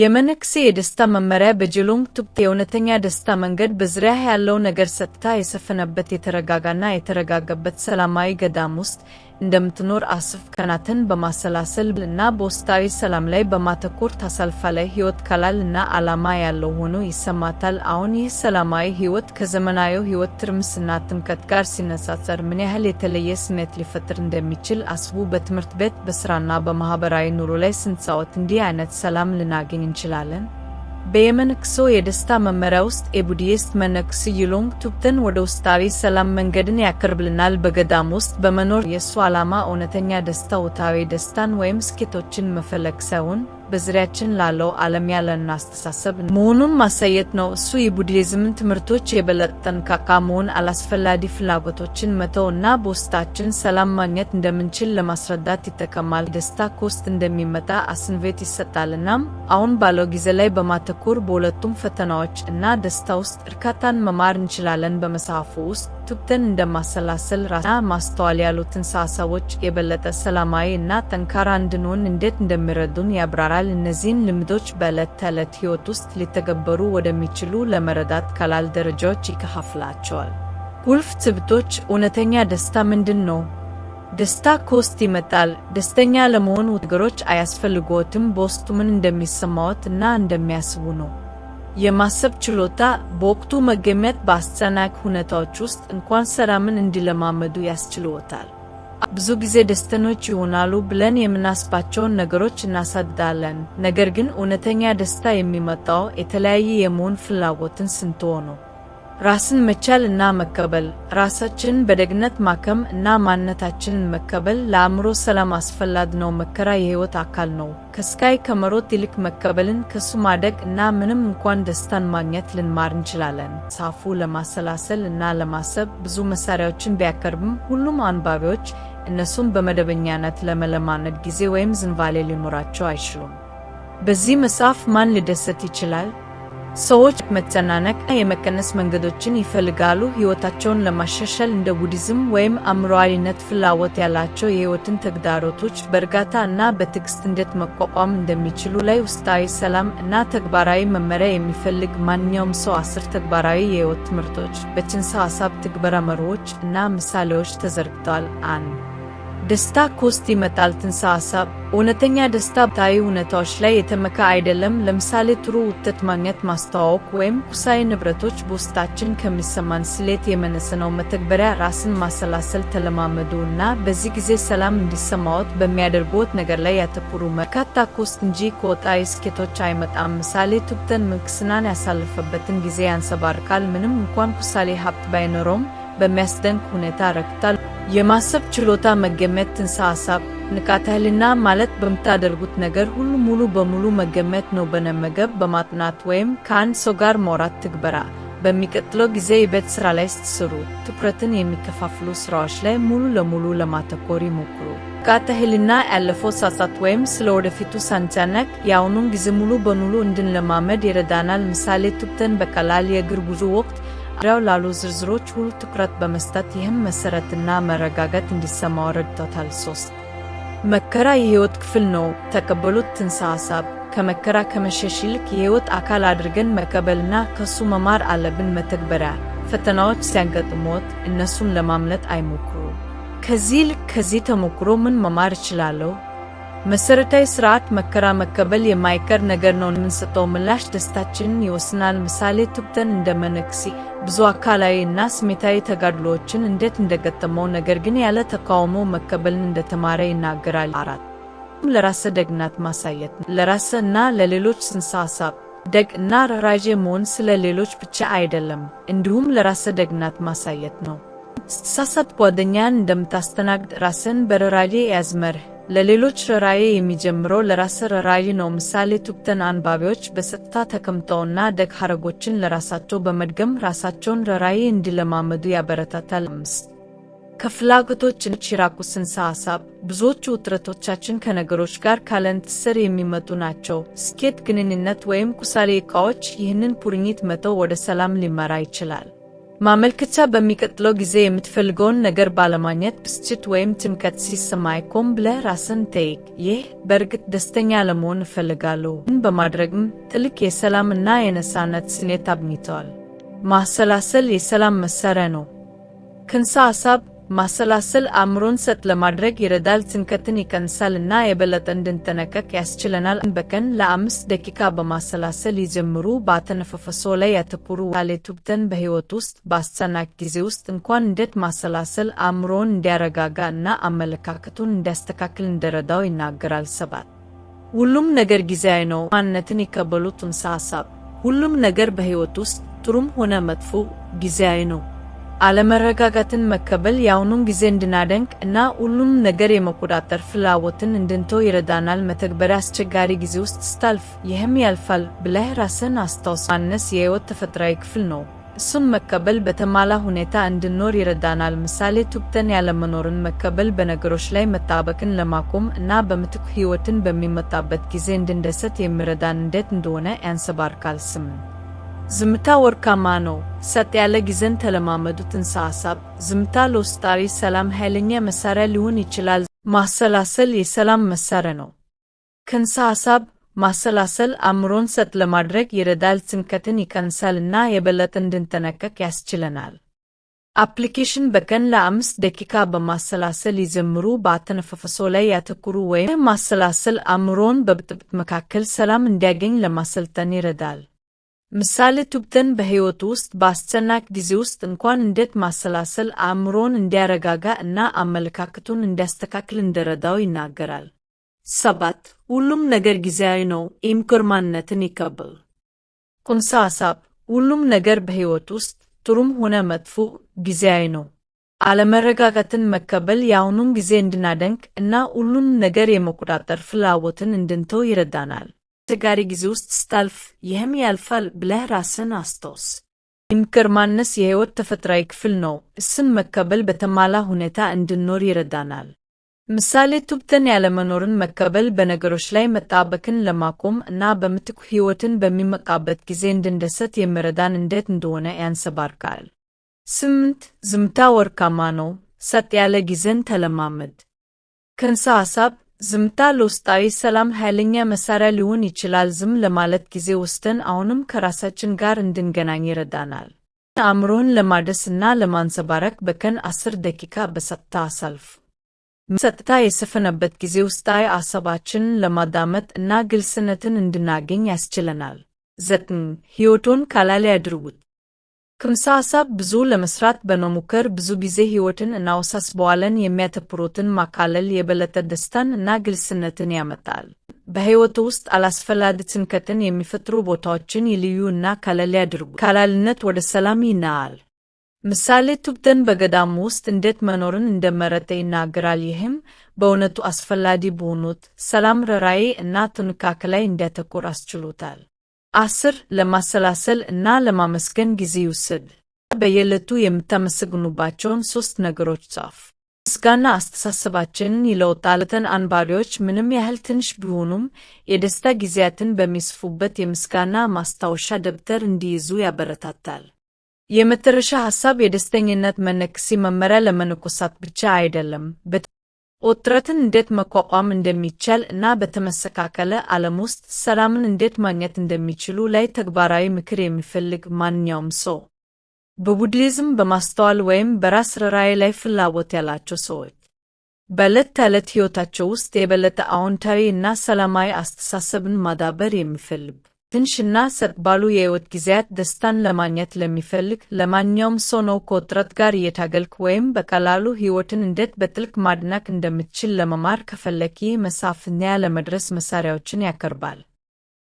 የመነኩሴ የደስታ መመሪያ በጀሎም ቱብ የእውነተኛ ደስታ መንገድ በዙሪያህ ያለው ነገር ሰጥታ የሰፈነበት የተረጋጋና የተረጋገበት ሰላማዊ ገዳም ውስጥ እንደምትኖር አስፍ ከናትን በማሰላሰል እና በውስጣዊ ሰላም ላይ በማተኮር ላይ ህይወት ቀላል እና ዓላማ ያለው ሆኖ ይሰማታል። አሁን ይህ ሰላማዊ ህይወት ከዘመናዊ ህይወት ትርምስና ትምከት ጋር ሲነጻጸር ምን ያህል የተለየ ስሜት ሊፈጥር እንደሚችል አስቡ። በትምህርት ቤት፣ በስራና በማህበራዊ ኑሮ ላይ ስንጻወት እንዲህ አይነት ሰላም ልናገኝ እንችላለን። በየመንክሶ የደስታ መመሪያ ውስጥ የቡዲስት መነኩስ ይሉንግ ቱፕተን ወደ ውስጣዊ ሰላም መንገድን ያቀርብልናል። በገዳም ውስጥ በመኖር የእሱ ዓላማ እውነተኛ ደስታ ውታዊ ደስታን ወይም ስኬቶችን መፈለግ ሳይሆን በዙሪያችን ላለው ዓለም ያለን አስተሳሰብ መሆኑን ማሳየት ነው። እሱ የቡድሂዝምን ትምህርቶች የበለጠ ጠንካካ መሆን፣ አላስፈላጊ ፍላጎቶችን መተው እና በውስጣችን ሰላም ማግኘት እንደምንችል ለማስረዳት ይጠቀማል። ደስታ ከውስጥ እንደሚመጣ አስንቬት ይሰጣል። እናም አሁን ባለው ጊዜ ላይ በማተኮር በሁለቱም ፈተናዎች እና ደስታ ውስጥ እርካታን መማር እንችላለን። በመጽሐፉ ውስጥ ቱብተን እንደማሰላሰል ራስና ማስተዋል ያሉትን ሀሳቦች የበለጠ ሰላማዊ እና ጠንካራ እንድንሆን እንዴት እንደሚረዱን ያብራራል። እነዚህን ልምዶች በዕለት ተዕለት ሕይወት ውስጥ ሊተገበሩ ወደሚችሉ ለመረዳት ቀላል ደረጃዎች ይከፋፍላቸዋል። ቁልፍ ትብቶች፣ እውነተኛ ደስታ ምንድን ነው? ደስታ ከውስጥ ይመጣል። ደስተኛ ለመሆን ነገሮች አያስፈልግዎትም። በውስጡ ምን እንደሚሰማዎት እና እንደሚያስቡ ነው። የማሰብ ችሎታ በወቅቱ መገመት በአስጨናቂ ሁኔታዎች ውስጥ እንኳን ሰላምን እንዲለማመዱ ያስችልዎታል። ብዙ ጊዜ ደስተኞች ይሆናሉ ብለን የምናስባቸውን ነገሮች እናሳድዳለን። ነገር ግን እውነተኛ ደስታ የሚመጣው የተለያየ የመሆን ፍላጎትን ስንትሆ ነው። ራስን መቻል እና መከበል፣ ራሳችንን በደግነት ማከም እና ማንነታችንን መከበል ለአእምሮ ሰላም አስፈላጊ ነው። መከራ የህይወት አካል ነው። ከስቃይ ከመሮጥ ይልቅ መከበልን ከሱ ማደግ እና ምንም እንኳን ደስታን ማግኘት ልንማር እንችላለን። ሳፉ ለማሰላሰል እና ለማሰብ ብዙ መሳሪያዎችን ቢያቀርብም ሁሉም አንባቢዎች እነሱን በመደበኛነት ለመለማመድ ጊዜ ወይም ዝንባሌ ሊኖራቸው አይችሉም። በዚህ መጽሐፍ ማን ሊደሰት ይችላል? ሰዎች መጨናነቅ የመቀነስ መንገዶችን ይፈልጋሉ። ሕይወታቸውን ለማሻሻል እንደ ቡዲዝም ወይም አእምሮአዊነት ፍላጎት ያላቸው የሕይወትን ተግዳሮቶች በእርጋታ እና በትዕግስት እንዴት መቋቋም እንደሚችሉ ላይ ውስጣዊ ሰላም እና ተግባራዊ መመሪያ የሚፈልግ ማንኛውም ሰው አስር ተግባራዊ የሕይወት ትምህርቶች በጽንሰ ሐሳብ ትግበራ መርሆዎች እና ምሳሌዎች ተዘርግተዋል። አንድ ደስታ ኮስት ይመጣል። ትንሰ ሐሳብ እውነተኛ ደስታ ታይ ሁኔታዎች ላይ የተመካ አይደለም። ለምሳሌ ጥሩ ውጤት ማግኘት፣ ማስተዋወቅ ወይም ቁሳዊ ንብረቶች በውስጣችን ከሚሰማን ስሌት የመነሰ ነው። መተግበሪያ ራስን ማሰላሰል ተለማመዱ እና በዚህ ጊዜ ሰላም እንዲሰማዎት በሚያደርጉት ነገር ላይ ያተኩሩ። መርካታ ኮስት እንጂ ከወጣዊ ስኬቶች አይመጣም። ምሳሌ ቱፕተን ምንኩስናን ያሳለፈበትን ጊዜ ያንጸባርቃል። ምንም እንኳን ኩሳሌ ሀብት ባይኖረውም በሚያስደንቅ ሁኔታ ረክታል። የማሰብ ችሎታ፣ መገመት፣ ትንሰ ሐሳብ፣ ንቃተ ህሊና ማለት በምታደርጉት ነገር ሁሉ ሙሉ በሙሉ መገመት ነው። በነመገብ በማጥናት ወይም ከአንድ ሰው ጋር ማውራት ትግበራ። በሚቀጥለው ጊዜ የቤት ሥራ ላይ ስትሰሩ ትኩረትን የሚከፋፍሉ ሥራዎች ላይ ሙሉ ለሙሉ ለማተኮር ይሞክሩ። ንቃተ ህሊና ያለፈው ሳሳት ወይም ስለ ወደፊቱ ሳንጨነቅ የአሁኑን ጊዜ ሙሉ በሙሉ እንድንለማመድ ይረዳናል። ምሳሌ ቱብተን በቀላል የእግር ጉዞ ወቅት ዳው ላሉ ዝርዝሮች ሁሉ ትኩረት በመስጠት ይህም መሰረትና መረጋጋት እንዲሰማው ረድቶታል። ሶስት መከራ የህይወት ክፍል ነው። ተቀበሉት ትንሳ ሀሳብ ከመከራ ከመሸሽ ይልቅ የህይወት አካል አድርገን መቀበልና ከሱ መማር አለብን። መተግበሪያ ፈተናዎች ሲያጋጥሞት እነሱን ለማምለጥ አይሞክሩ። ከዚህ ይልቅ ከዚህ ተሞክሮ ምን መማር እችላለሁ መሰረታዊ ስርዓት መከራ መቀበል የማይቀር ነገር ነው። የምንሰጠው ምላሽ ደስታችንን ይወስናል። ምሳሌ ትብተን እንደ መነኩሴ ብዙ አካላዊ እና ስሜታዊ ተጋድሎዎችን እንዴት እንደገጠመው ነገር ግን ያለ ተቃውሞ መቀበልን እንደተማረ ይናገራል። አራት ለራሰ ደግነት ማሳየት ለራሰ እና ለሌሎች ጽንሰ ሀሳብ ደግ እና ራራጄ መሆን ስለ ሌሎች ብቻ አይደለም፣ እንዲሁም ለራሰ ደግነት ማሳየት ነው። ስትሳሳት ጓደኛን እንደምታስተናግድ ራስን በርህራሄ ያዝመርህ ለሌሎች ርኅራኄ የሚጀምረው ለራስ ርኅራኄ ነው። ምሳሌ ቱብተን አንባቢዎች በሰጥታ ተቀምጠውና ደግ ሐረጎችን ለራሳቸው በመድገም ራሳቸውን ርኅራኄ እንዲለማመዱ ያበረታታል። አምስት ከፍላጎቶች የራቁ ጽንሰ ሐሳብ ብዙዎቹ ውጥረቶቻችን ከነገሮች ጋር ካለን ትስስር የሚመጡ ናቸው። ስኬት፣ ግንኙነት ወይም ቁሳዊ ዕቃዎች ይህንን ቁርኝት መተው ወደ ሰላም ሊመራ ይችላል። ማመልከቻ በሚቀጥለው ጊዜ የምትፈልገውን ነገር ባለማግኘት ብስጭት ወይም ጭንቀት ሲሰማይ ቆም ብለህ ራስን ጠይቅ። ይህ በእርግጥ ደስተኛ ለመሆን እፈልጋለሁ? በማድረግም ጥልቅ የሰላም እና የነፃነት ስሜት አግኝተዋል። ማሰላሰል የሰላም መሳሪያ ነው። ክንሳ ሐሳብ ማሰላሰል አእምሮን ሰጥ ለማድረግ ይረዳል፣ ጭንቀትን ይቀንሳል እና የበለጠ እንድንጠነቀቅ ያስችለናል። በቀን ለአምስት ደቂቃ በማሰላሰል ይጀምሩ። በአተነፋፈስዎ ላይ ያተኩሩ። ሌቱብተን በህይወት ውስጥ በአስጨናቂ ጊዜ ውስጥ እንኳን እንዴት ማሰላሰል አእምሮን እንዲያረጋጋ እና አመለካከቱን እንዲያስተካክል እንደረዳው ይናገራል። ሰባት ሁሉም ነገር ጊዜያዊ ነው። ማንነትን የከበሉት ትንሳ ሀሳብ ሁሉም ነገር በህይወት ውስጥ ጥሩም ሆነ መጥፎ ጊዜያዊ ነው። አለመረጋጋትን መከበል የአሁኑን ጊዜ እንድናደንቅ እና ሁሉንም ነገር የመቆጣጠር ፍላጎትን እንድንተው ይረዳናል። መተግበሪያ አስቸጋሪ ጊዜ ውስጥ ስታልፍ ይህም ያልፋል ብለህ ራስን አስታውስ። ማነስ የህይወት ተፈጥሯዊ ክፍል ነው። እሱም መከበል በተሟላ ሁኔታ እንድንኖር ይረዳናል። ምሳሌ ቱብተን ያለመኖርን መከበል በነገሮች ላይ መጣበቅን ለማቆም እና በምትኩ ህይወትን በሚመጣበት ጊዜ እንድንደሰት የሚረዳን እንዴት እንደሆነ ያንሰባርቃል። ስምን ዝምታ ወርቃማ ነው። ሰጥ ያለ ጊዜን ተለማመዱት። እንስሳ ሀሳብ ዝምታ ለውስጣዊ ሰላም ኃይለኛ መሳሪያ ሊሆን ይችላል። ማሰላሰል የሰላም መሳሪያ ነው። ከእንስሳ ሀሳብ ማሰላሰል አእምሮን ሰጥ ለማድረግ ይረዳል፣ ጭንቀትን ይቀንሳልና የበለጠ እንድንጠነቀቅ ያስችለናል። አፕሊኬሽን በቀን ለአምስት ደቂቃ በማሰላሰል ይዘምሩ በአተነፋፈሶ ላይ ያተኩሩ ወይም ማሰላሰል አእምሮን በብጥብጥ መካከል ሰላም እንዲያገኝ ለማሰልጠን ይረዳል። ምሳሌ ቱብተን በሕይወት ውስጥ በአስጨናቅ ጊዜ ውስጥ እንኳን እንዴት ማሰላሰል አእምሮን እንዲያረጋጋ እና አመለካከቱን እንዲያስተካክል እንደረዳው ይናገራል። ሰባት ሁሉም ነገር ጊዜያዊ ነው። የምክር ማንነትን ኩንሳ ሐሳብ ሁሉም ነገር በሕይወት ውስጥ ጥሩም ሆነ መጥፎ ጊዜያዊ ነው። አለመረጋጋትን መከበል የአሁኑን ጊዜ እንድናደንቅ እና ሁሉን ነገር የመቆጣጠር ፍላጎትን እንድንተው ይረዳናል። አስቸጋሪ ጊዜ ውስጥ ስታልፍ ይህም ያልፋል ብለህ ራስን አስታውስ። የምክር ማነስ የሕይወት ተፈጥሯዊ ክፍል ነው። እሱን መከበል በተሟላ ሁኔታ እንድንኖር ይረዳናል። ምሳሌ ቱብተን ያለመኖርን መከበል በነገሮች ላይ መጣበቅን ለማቆም እና በምትኩ ሕይወትን በሚመቃበት ጊዜ እንድንደሰት የሚረዳን እንዴት እንደሆነ ያንሰባርቃል። ስምንት ዝምታ ወርቃማ ነው። ሰጥ ያለ ጊዜን ተለማመድ። ከንሰ ሐሳብ ዝምታ ለውስጣዊ ሰላም ኃይለኛ መሳሪያ ሊሆን ይችላል። ዝም ለማለት ጊዜ ወስደን አሁንም ከራሳችን ጋር እንድንገናኝ ይረዳናል። አእምሮህን እና ለማንጸባረቅ በቀን አስር ደቂቃ በጸጥታ አሳልፍ። ጸጥታ የሰፈነበት ጊዜ ውስጣዊ አሰባችን ለማዳመጥ እና ግልጽነትን እንድናገኝ ያስችለናል። ዘጠኝ ሕይወቶን ቀላል ያድርጉት። ከምሳ ሐሳብ ብዙ ለመስራት በመሞከር ብዙ ጊዜ ሕይወትን እናወሳስበዋለን። የሚያተኩሩትን ማካለል የበለጠ ደስታን እና ግልጽነትን ያመጣል። በሕይወቱ ውስጥ አላስፈላጊ ጭንቀትን የሚፈጥሩ ቦታዎችን ይልዩ እና ቀለል ያድርጉ። ቀላልነት ወደ ሰላም ይናል። ምሳሌ ቱብተን በገዳሙ ውስጥ እንዴት መኖርን እንደመረጠ ይናገራል። ይህም በእውነቱ አስፈላጊ በሆኑት ሰላም፣ ርኅራኄ እና ጥንቃቄ ላይ እንዲያተኩር አስችሎታል። አስር ለማሰላሰል እና ለማመስገን ጊዜ ይውሰድ። በየዕለቱ የምታመሰግኑባቸውን ሦስት ነገሮች ጻፍ። ምስጋና አስተሳሰባችንን ይለውጣል። አንባቢዎች ምንም ያህል ትንሽ ቢሆኑም የደስታ ጊዜያትን በሚስፉበት የምስጋና ማስታወሻ ደብተር እንዲይዙ ያበረታታል። የመጨረሻ ሐሳብ የደስተኝነት መነኩሴ መመሪያ ለመነኮሳት ብቻ አይደለም። ውጥረትን እንዴት መቋቋም እንደሚቻል እና በተመሰካከለ ዓለም ውስጥ ሰላምን እንዴት ማግኘት እንደሚችሉ ላይ ተግባራዊ ምክር የሚፈልግ ማንኛውም ሰው በቡድሂዝም በማስተዋል ወይም በራስ ርኅራኄ ላይ ፍላጎት ያላቸው ሰዎች በዕለት ተዕለት ሕይወታቸው ውስጥ የበለጠ አዎንታዊ እና ሰላማዊ አስተሳሰብን ማዳበር የሚፈልግ። ትንሽና ሰጥ ባሉ የሕይወት ጊዜያት ደስታን ለማግኘት ለሚፈልግ ለማንኛውም ሰው ነው። ከውጥረት ጋር እየታገልክ ወይም በቀላሉ ሕይወትን እንዴት በጥልቅ ማድናቅ እንደምትችል ለመማር ከፈለክ ይህ ለመድረስ መሳሪያዎችን ያቀርባል።